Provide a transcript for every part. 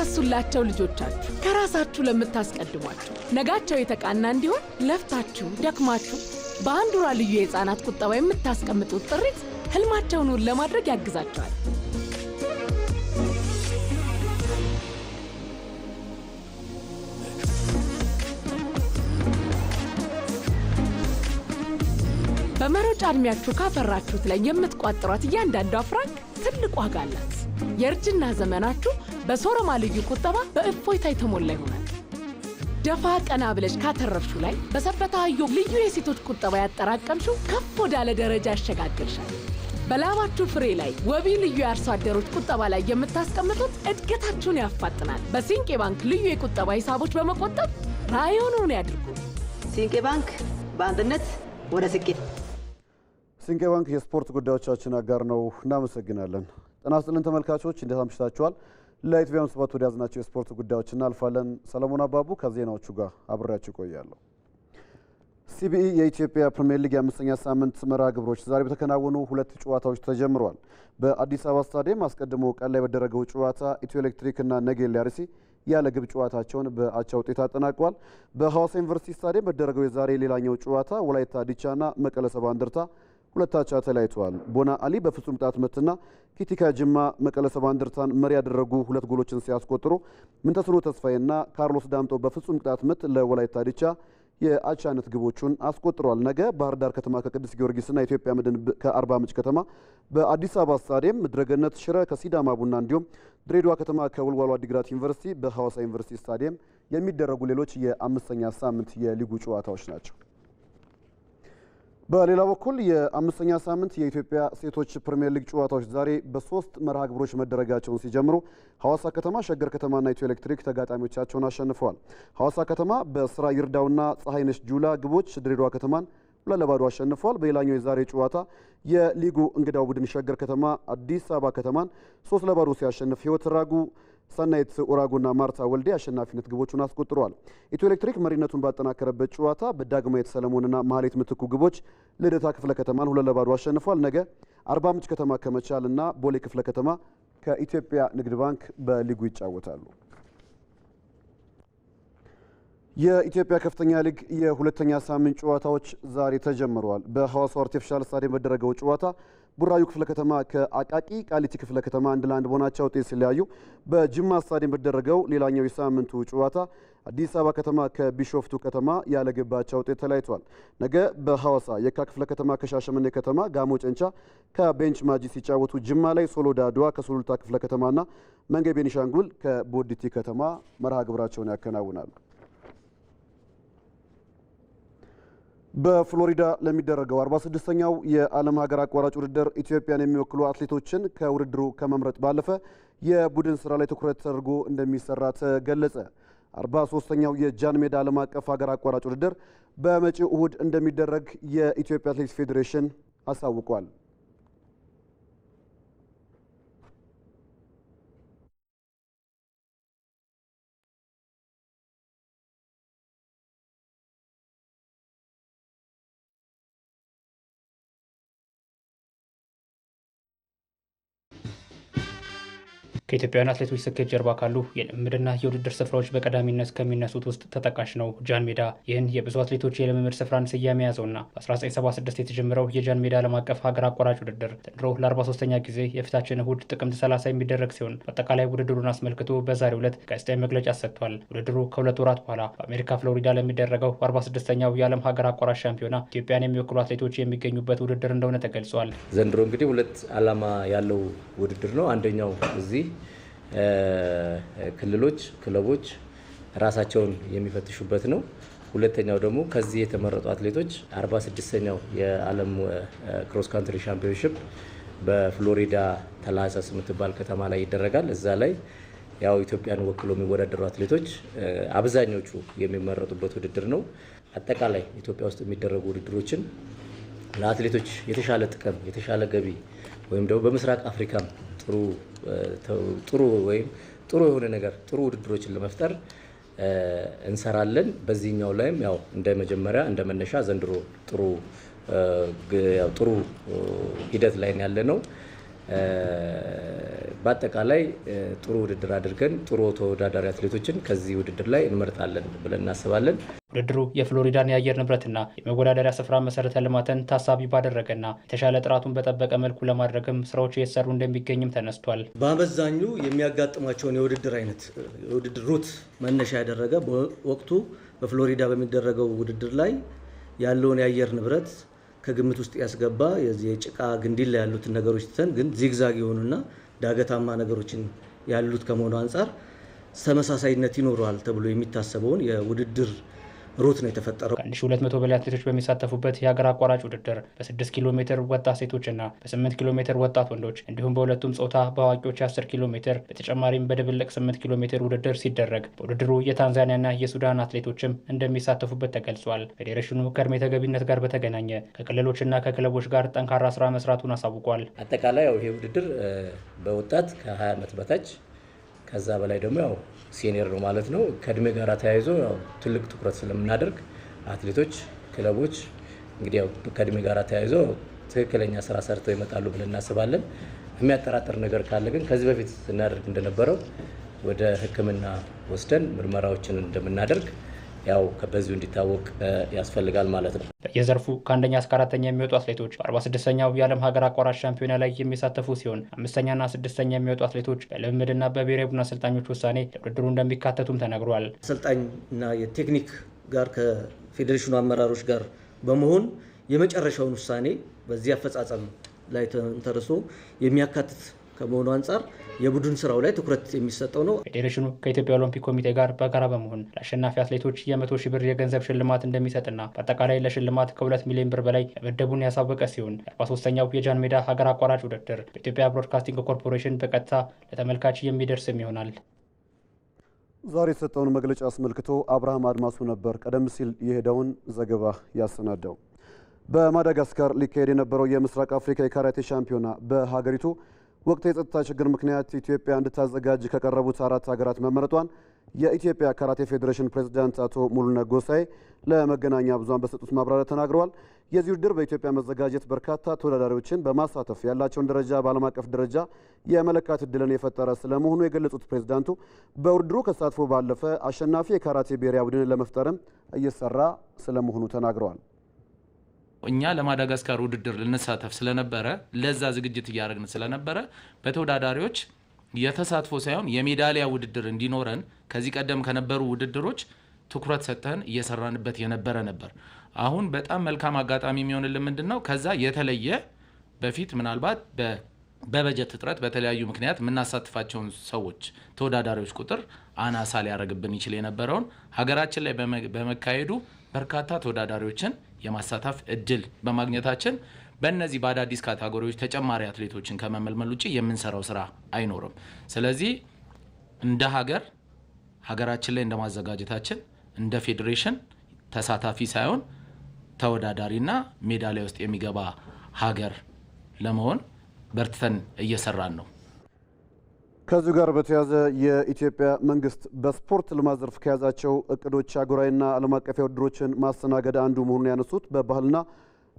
ለምታሳሱላቸው ልጆቻችሁ ከራሳችሁ ለምታስቀድሟቸው ነጋቸው የተቃና እንዲሆን ለፍታችሁ ደክማችሁ በአንዱራ ልዩ የሕፃናት ቁጠባ የምታስቀምጡት ጥሪት ህልማቸውን ለማድረግ ያግዛቸዋል። በመሮጫ ዕድሜያችሁ ካፈራችሁት ላይ የምትቋጥሯት እያንዳንዷ ፍራንክ ትልቅ ዋጋ አላት። የእርጅና ዘመናችሁ በሶረማ ልዩ ቁጠባ በእፎይታ የተሞላ ይሆናል። ደፋ ቀና ብለሽ ካተረፍሹ ላይ በሰበታ አዮ ልዩ የሴቶች ቁጠባ ያጠራቀምሽው ከፍ ወዳለ ደረጃ ያሸጋግርሻል። በላባችሁ ፍሬ ላይ ወቢ ልዩ የአርሶ አደሮች ቁጠባ ላይ የምታስቀምጡት እድገታችሁን ያፋጥናል። በሲንቄ ባንክ ልዩ የቁጠባ ሂሳቦች በመቆጠብ ራዕዮን ያድርጉ። ሲንቄ ባንክ በአንድነት ወደ ስኬት ስንቄ ባንክ የስፖርት ጉዳዮቻችን አጋር ነው። እናመሰግናለን። ጤና ይስጥልን ተመልካቾች፣ እንዴት አምሽታችኋል? ለኢትዮጵያ ስፖርት ወደ ያዝናቸው የስፖርት ጉዳዮች እናልፋለን። ሰለሞን አባቡ ከዜናዎቹ ጋር አብሬያችሁ ቆያለሁ። ሲቢኢ የኢትዮጵያ ፕሪምየር ሊግ የአምስተኛ ሳምንት መርሃ ግብሮች ዛሬ በተከናወኑ ሁለት ጨዋታዎች ተጀምረዋል። በአዲስ አበባ ስታዲየም አስቀድሞ ቀን ላይ በደረገው ጨዋታ ኢትዮ ኤሌክትሪክና ነገሌ አርሲ ያለ ግብ ጨዋታቸውን በአቻ ውጤት አጠናቋል። በሐዋሳ ዩኒቨርሲቲ ስታዲየም በደረገው የዛሬ ሌላኛው ጨዋታ ወላይታ ዲቻና መቀለ ሰባ እንደርታ ሁለት አቻ ተለያይተዋል። ቦና አሊ በፍጹም ቅጣት ምትና ኪቲካ ጅማ መቀለ ሰባ እንደርታን መሪ ያደረጉ ሁለት ጎሎችን ሲያስቆጥሩ ምንተስኖ ተስፋዬና ካርሎስ ዳምጦ በፍጹም ቅጣት ምት ለወላይታ ዲቻ የአቻነት ግቦቹን አስቆጥሯል። ነገ ባህር ዳር ከተማ ከቅዱስ ጊዮርጊስና ኢትዮጵያ መድን ከአርባ ምንጭ ከተማ፣ በአዲስ አበባ ስታዲየም ምድረገነት ሽረ ከሲዳማ ቡና እንዲሁም ድሬዳዋ ከተማ ከወልዋሎ አዲግራት ዩኒቨርሲቲ በሐዋሳ ዩኒቨርሲቲ ስታዲየም የሚደረጉ ሌሎች የአምስተኛ ሳምንት የሊጉ ጨዋታዎች ናቸው። በሌላ በኩል የአምስተኛ ሳምንት የኢትዮጵያ ሴቶች ፕሪሚየር ሊግ ጨዋታዎች ዛሬ በሶስት መርሃ ግብሮች መደረጋቸውን ሲጀምሩ ሐዋሳ ከተማ፣ ሸገር ከተማና ኢትዮ ኤሌክትሪክ ተጋጣሚዎቻቸውን አሸንፈዋል። ሐዋሳ ከተማ በስራ ይርዳውና ፀሐይነሽ ጁላ ግቦች ድሬዳዋ ከተማን ሁለት ለባዶ በሌላኛው የዛሬ ጨዋታ የሊጉ እንግዳው ቡድን ሸገር ከተማ አዲስ አበባ ከተማን ሶስት ለባዶ ሲያሸንፍ ህይወት ራጉ ሰናይት ኡራጉና ማርታ ወልዴ አሸናፊነት ግቦቹን አስቆጥሯል ኢትዮ ኤሌክትሪክ መሪነቱን ባጠናከረበት ጨዋታ በዳግማዊት ሰለሞንና ማህሌት ምትኩ ግቦች ልደታ ክፍለ ከተማን ሁለት ለባዶ አሸንፏል። ነገ አርባ ምንጭ ከተማ ከመቻልና ቦሌ ክፍለ ከተማ ከኢትዮጵያ ንግድ ባንክ በሊጉ ይጫወታሉ። የኢትዮጵያ ከፍተኛ ሊግ የሁለተኛ ሳምንት ጨዋታዎች ዛሬ ተጀምረዋል። በሐዋሳው አርቲፊሻል ስታዲየም በደረገው ጨዋታ ቡራዩ ክፍለ ከተማ ከአቃቂ ቃሊቲ ክፍለ ከተማ አንድ ለአንድ በሆናቸው ውጤት ሲለያዩ በጅማ ስታዲየም በተደረገው ሌላኛው የሳምንቱ ጨዋታ አዲስ አበባ ከተማ ከቢሾፍቱ ከተማ ያለገባቸው ግብ አቻ ውጤት ተለያይቷል። ነገ በሐዋሳ የካ ክፍለ ከተማ ከሻሸመኔ ከተማ፣ ጋሞ ጨንቻ ከቤንች ማጂ ሲጫወቱ ጅማ ላይ ሶሎዳ አድዋ ከሱሉልታ ክፍለ ከተማና መንገ ቤኒሻንጉል ከቦዲቲ ከተማ መርሃ ግብራቸውን ያከናውናሉ። በፍሎሪዳ ለሚደረገው 46ኛው የዓለም ሀገር አቋራጭ ውድድር ኢትዮጵያን የሚወክሉ አትሌቶችን ከውድድሩ ከመምረጥ ባለፈ የቡድን ስራ ላይ ትኩረት ተደርጎ እንደሚሰራ ተገለጸ። 43ኛው የጃን ሜዳ ዓለም አቀፍ ሀገር አቋራጭ ውድድር በመጪው እሁድ እንደሚደረግ የኢትዮጵያ አትሌቲክስ ፌዴሬሽን አሳውቋል። ከኢትዮጵያውያን አትሌቶች ስኬት ጀርባ ካሉ የልምምድና የውድድር ስፍራዎች በቀዳሚነት ከሚነሱት ውስጥ ተጠቃሽ ነው ጃን ሜዳ። ይህን የብዙ አትሌቶች የልምምድ ስፍራን ስያሜ የያዘውና በ1976 የተጀመረው የጃን ሜዳ ዓለም አቀፍ ሀገር አቋራጭ ውድድር ዘንድሮ ለ43ኛ ጊዜ የፊታችን እሁድ ጥቅምት 30 የሚደረግ ሲሆን በአጠቃላይ ውድድሩን አስመልክቶ በዛሬው ዕለት ጋዜጣዊ መግለጫ ሰጥቷል። ውድድሩ ከሁለት ወራት በኋላ በአሜሪካ ፍሎሪዳ ለሚደረገው 46ኛው የዓለም ሀገር አቋራጭ ሻምፒዮና ኢትዮጵያን የሚወክሉ አትሌቶች የሚገኙበት ውድድር እንደሆነ ተገልጿል። ዘንድሮ እንግዲህ ሁለት ዓላማ ያለው ውድድር ነው። አንደኛው እዚህ ክልሎች፣ ክለቦች ራሳቸውን የሚፈትሹበት ነው። ሁለተኛው ደግሞ ከዚህ የተመረጡ አትሌቶች 46ኛው የዓለም ክሮስ ካንትሪ ሻምፒዮንሽፕ በፍሎሪዳ ተላሰስ የምትባል ከተማ ላይ ይደረጋል። እዛ ላይ ያው ኢትዮጵያን ወክሎ የሚወዳደሩ አትሌቶች አብዛኞቹ የሚመረጡበት ውድድር ነው። አጠቃላይ ኢትዮጵያ ውስጥ የሚደረጉ ውድድሮችን ለአትሌቶች የተሻለ ጥቅም፣ የተሻለ ገቢ ወይም ደግሞ በምስራቅ አፍሪካም ጥሩ ወይም ጥሩ የሆነ ነገር ጥሩ ውድድሮችን ለመፍጠር እንሰራለን። በዚህኛው ላይም ያው እንደ መጀመሪያ እንደ መነሻ ዘንድሮ ጥሩ ጥሩ ሂደት ላይ ያለ ነው። በአጠቃላይ ጥሩ ውድድር አድርገን ጥሩ ተወዳዳሪ አትሌቶችን ከዚህ ውድድር ላይ እንመርጣለን ብለን እናስባለን። ውድድሩ የፍሎሪዳን የአየር ንብረትና የመወዳደሪያ ስፍራ መሰረተ ልማትን ታሳቢ ባደረገና የተሻለ ጥራቱን በጠበቀ መልኩ ለማድረግም ስራዎች እየተሰሩ እንደሚገኝም ተነስቷል። በአመዛኙ የሚያጋጥማቸውን የውድድር አይነት የውድድር ሩት መነሻ ያደረገ በወቅቱ በፍሎሪዳ በሚደረገው ውድድር ላይ ያለውን የአየር ንብረት ከግምት ውስጥ ያስገባ የጭቃ ግንዲላ ያሉትን ነገሮች ትተን ግን ዚግዛግ የሆኑና ዳገታማ ነገሮችን ያሉት ከመሆኑ አንጻር ተመሳሳይነት ይኖረዋል ተብሎ የሚታሰበውን የውድድር ሩት ነው የተፈጠረው። ከ1200 በላይ አትሌቶች በሚሳተፉበት የሀገር አቋራጭ ውድድር በ6 ኪሎ ሜትር ወጣት ሴቶችና በ8 ኪሎ ሜትር ወጣት ወንዶች እንዲሁም በሁለቱም ፆታ በአዋቂዎች 10 ኪሎ ሜትር በተጨማሪም በድብልቅ 8 ኪሎ ሜትር ውድድር ሲደረግ በውድድሩ የታንዛኒያና የሱዳን አትሌቶችም እንደሚሳተፉበት ተገልጿል። ፌዴሬሽኑ ከእድሜ ተገቢነት ጋር በተገናኘ ከክልሎችና ከክለቦች ጋር ጠንካራ ስራ መስራቱን አሳውቋል። አጠቃላይ ይሄ ውድድር በወጣት ከ20 ዓመት በታች ከዛ በላይ ደግሞ ያው ሲኒየር ነው ማለት ነው። ከእድሜ ጋር ተያይዞ ያው ትልቅ ትኩረት ስለምናደርግ አትሌቶች፣ ክለቦች እንግዲህ ያው ከእድሜ ጋር ተያይዞ ትክክለኛ ስራ ሰርተው ይመጣሉ ብለን እናስባለን። የሚያጠራጥር ነገር ካለ ግን ከዚህ በፊት ስናደርግ እንደነበረው ወደ ሕክምና ወስደን ምርመራዎችን እንደምናደርግ ያው በዚሁ እንዲታወቅ ያስፈልጋል ማለት ነው። በየዘርፉ ከአንደኛ እስከ አራተኛ የሚወጡ አትሌቶች በ46ኛው የዓለም ሀገር አቋራጭ ሻምፒዮና ላይ የሚሳተፉ ሲሆን አምስተኛና ስድስተኛ የሚወጡ አትሌቶች በልምምድና በብሔራዊ ቡድን አሰልጣኞች ውሳኔ ለውድድሩ እንደሚካተቱም ተነግሯል። አሰልጣኝና የቴክኒክ ጋር ከፌዴሬሽኑ አመራሮች ጋር በመሆን የመጨረሻውን ውሳኔ በዚህ አፈጻጸም ላይ ተንተርሶ የሚያካትት ከመሆኑ አንጻር የቡድን ስራው ላይ ትኩረት የሚሰጠው ነው። ፌዴሬሽኑ ከኢትዮጵያ ኦሎምፒክ ኮሚቴ ጋር በጋራ በመሆን ለአሸናፊ አትሌቶች የመቶ ሺህ ብር የገንዘብ ሽልማት እንደሚሰጥና በአጠቃላይ ለሽልማት ከሁለት ሚሊዮን ብር በላይ መደቡን ያሳወቀ ሲሆን የ43ኛው የጃን ሜዳ ሀገር አቋራጭ ውድድር በኢትዮጵያ ብሮድካስቲንግ ኮርፖሬሽን በቀጥታ ለተመልካች የሚደርስም ይሆናል። ዛሬ የተሰጠውን መግለጫ አስመልክቶ አብርሃም አድማሱ ነበር ቀደም ሲል የሄደውን ዘገባ ያሰናዳው። በማዳጋስካር ሊካሄድ የነበረው የምስራቅ አፍሪካ የካራቴ ሻምፒዮና በሀገሪቱ ወቅት የጸጥታ ችግር ምክንያት ኢትዮጵያ እንድታዘጋጅ ከቀረቡት አራት ሀገራት መመረጧን የኢትዮጵያ ካራቴ ፌዴሬሽን ፕሬዚዳንት አቶ ሙሉነ ጎሳይ ለመገናኛ ብዙሃን በሰጡት ማብራሪያ ተናግረዋል። የዚህ ውድድር በኢትዮጵያ መዘጋጀት በርካታ ተወዳዳሪዎችን በማሳተፍ ያላቸውን ደረጃ በዓለም አቀፍ ደረጃ የመለካት እድልን የፈጠረ ስለመሆኑ የገለጹት ፕሬዚዳንቱ በውድድሩ ከተሳትፎ ባለፈ አሸናፊ የካራቴ ብሔራዊ ቡድን ለመፍጠርም እየሰራ ስለመሆኑ ተናግረዋል። እኛ ለማዳጋስካር ውድድር ልንሳተፍ ስለነበረ ለዛ ዝግጅት እያደረግን ስለነበረ በተወዳዳሪዎች የተሳትፎ ሳይሆን የሜዳሊያ ውድድር እንዲኖረን ከዚህ ቀደም ከነበሩ ውድድሮች ትኩረት ሰጥተን እየሰራንበት የነበረ ነበር። አሁን በጣም መልካም አጋጣሚ የሚሆንልን ምንድን ነው? ከዛ የተለየ በፊት ምናልባት በበጀት እጥረት በተለያዩ ምክንያት የምናሳትፋቸውን ሰዎች ተወዳዳሪዎች ቁጥር አናሳ ሊያደርግብን ይችል የነበረውን ሀገራችን ላይ በመካሄዱ በርካታ ተወዳዳሪዎችን የማሳታፍ እድል በማግኘታችን በእነዚህ በአዳዲስ ካታጎሪዎች ተጨማሪ አትሌቶችን ከመመልመል ውጭ የምንሰራው ስራ አይኖርም። ስለዚህ እንደ ሀገር ሀገራችን ላይ እንደ ማዘጋጀታችን እንደ ፌዴሬሽን ተሳታፊ ሳይሆን ተወዳዳሪና ሜዳሊያ ውስጥ የሚገባ ሀገር ለመሆን በርትተን እየሰራን ነው። ከዚሁ ጋር በተያያዘ የኢትዮጵያ መንግስት በስፖርት ልማት ዘርፍ ከያዛቸው እቅዶች አህጉራዊና ዓለም አቀፍ ውድድሮችን ማስተናገድ አንዱ መሆኑን ያነሱት በባህልና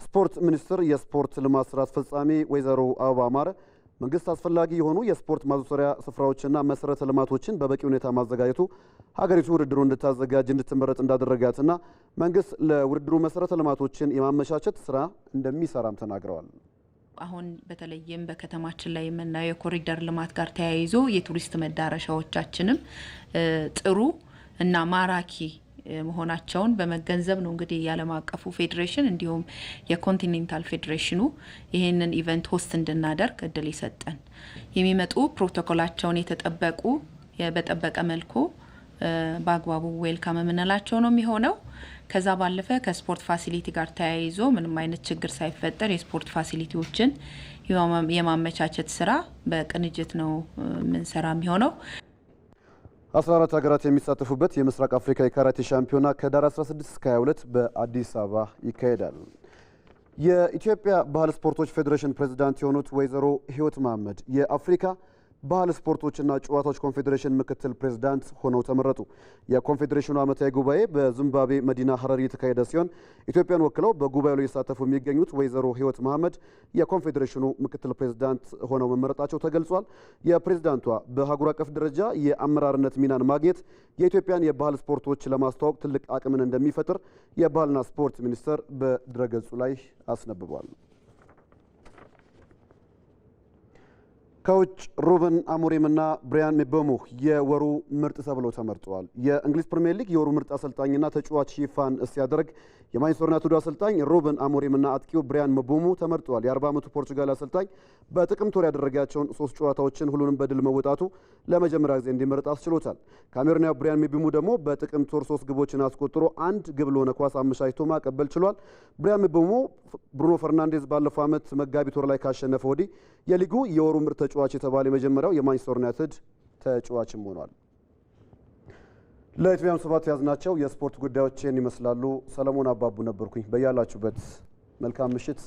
ስፖርት ሚኒስቴር የስፖርት ልማት ስራ አስፈጻሚ ወይዘሮ አበባ አማረ መንግስት አስፈላጊ የሆኑ የስፖርት ማዘውተሪያ ስፍራዎችና መሰረተ ልማቶችን በበቂ ሁኔታ ማዘጋጀቱ ሀገሪቱ ውድድሩ እንድታዘጋጅ እንድትመረጥ እንዳደረጋትና መንግስት ለውድድሩ መሰረተ ልማቶችን የማመቻቸት ስራ እንደሚሰራም ተናግረዋል። አሁን በተለይም በከተማችን ላይ የምናየው የኮሪደር ልማት ጋር ተያይዞ የቱሪስት መዳረሻዎቻችንም ጥሩ እና ማራኪ መሆናቸውን በመገንዘብ ነው እንግዲህ የዓለም አቀፉ ፌዴሬሽን እንዲሁም የኮንቲኔንታል ፌዴሬሽኑ ይህንን ኢቨንት ሆስት እንድናደርግ እድል ይሰጠን። የሚመጡ ፕሮቶኮላቸውን የተጠበቁ በጠበቀ መልኩ በአግባቡ ዌልካም የምንላቸው ነው የሚሆነው። ከዛ ባለፈ ከስፖርት ፋሲሊቲ ጋር ተያይዞ ምንም አይነት ችግር ሳይፈጠር የስፖርት ፋሲሊቲዎችን የማመቻቸት ስራ በቅንጅት ነው የምንሰራ የሚሆነው። 14 ሀገራት የሚሳተፉበት የምስራቅ አፍሪካ የካራቴ ሻምፒዮና ከዳር 16 እስከ 22 በአዲስ አበባ ይካሄዳል። የኢትዮጵያ ባህል ስፖርቶች ፌዴሬሽን ፕሬዝዳንት የሆኑት ወይዘሮ ህይወት መሀመድ የአፍሪካ ባህል ስፖርቶችና ጨዋታዎች ኮንፌዴሬሽን ምክትል ፕሬዝዳንት ሆነው ተመረጡ። የኮንፌዴሬሽኑ ዓመታዊ ጉባኤ በዚምባብዌ መዲና ሀረሪ የተካሄደ ሲሆን ኢትዮጵያን ወክለው በጉባኤው ላይ የተሳተፉ የሚገኙት ወይዘሮ ህይወት መሐመድ የኮንፌዴሬሽኑ ምክትል ፕሬዝዳንት ሆነው መመረጣቸው ተገልጿል። የፕሬዝዳንቷ በአህጉር አቀፍ ደረጃ የአመራርነት ሚናን ማግኘት የኢትዮጵያን የባህል ስፖርቶች ለማስተዋወቅ ትልቅ አቅምን እንደሚፈጥር የባህልና ስፖርት ሚኒስቴር በድረገጹ ላይ አስነብቧል። ከውጭ ሩበን አሞሪምና ብሪያን ምቤሞ የወሩ ምርጥ ተብለው ተመርጠዋል። የእንግሊዝ ፕሪምየር ሊግ የወሩ ምርጥ አሰልጣኝና ተጫዋች ይፋን ሲያደርግ የማንቸስተር ዩናይትዱ አሰልጣኝ ሩበን አሞሪምና አጥቂው ብሪያን ምቤሞ ተመርጠዋል። የ40 ዓመቱ ፖርቹጋል አሰልጣኝ በጥቅምት ወር ያደረጋቸውን ሶስት ጨዋታዎችን ሁሉንም በድል መወጣቱ ለመጀመሪያ ጊዜ እንዲመረጥ አስችሎታል። ካሜሩናዊ ብሪያን ምቤሞ ደግሞ በጥቅምት ወር ሶስት ግቦችን አስቆጥሮ አንድ ግብ ለሆነ ኳስ አመቻችቶ ማቀበል ችሏል። ብሪያን ምቤሞ ብሩኖ ፈርናንዴዝ ባለፈው ዓመት መጋቢት ወር ላይ ካሸነፈ ወዲህ የሊጉ የወሩ ምርጥ ተጫዋች የተባለ የመጀመሪያው የማንቸስተር ዩናይትድ ተጫዋችም ሆኗል። ለኢትዮጵያም ሰባት ናቸው የስፖርት ጉዳዮችን ይመስላሉ። ሰለሞን አባቡ ነበርኩኝ። በያላችሁበት መልካም ምሽት።